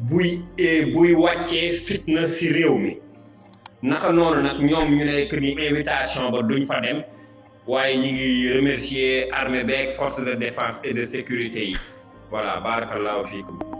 buy eh, buy wàccee fitna si réew mi naka noonu nag ñoom ñu ne que ni invitation ba duñ fa dem waaye ñu ngi remercier armée beeg force de défense et de sécurité yi voilà barakallahu fiikum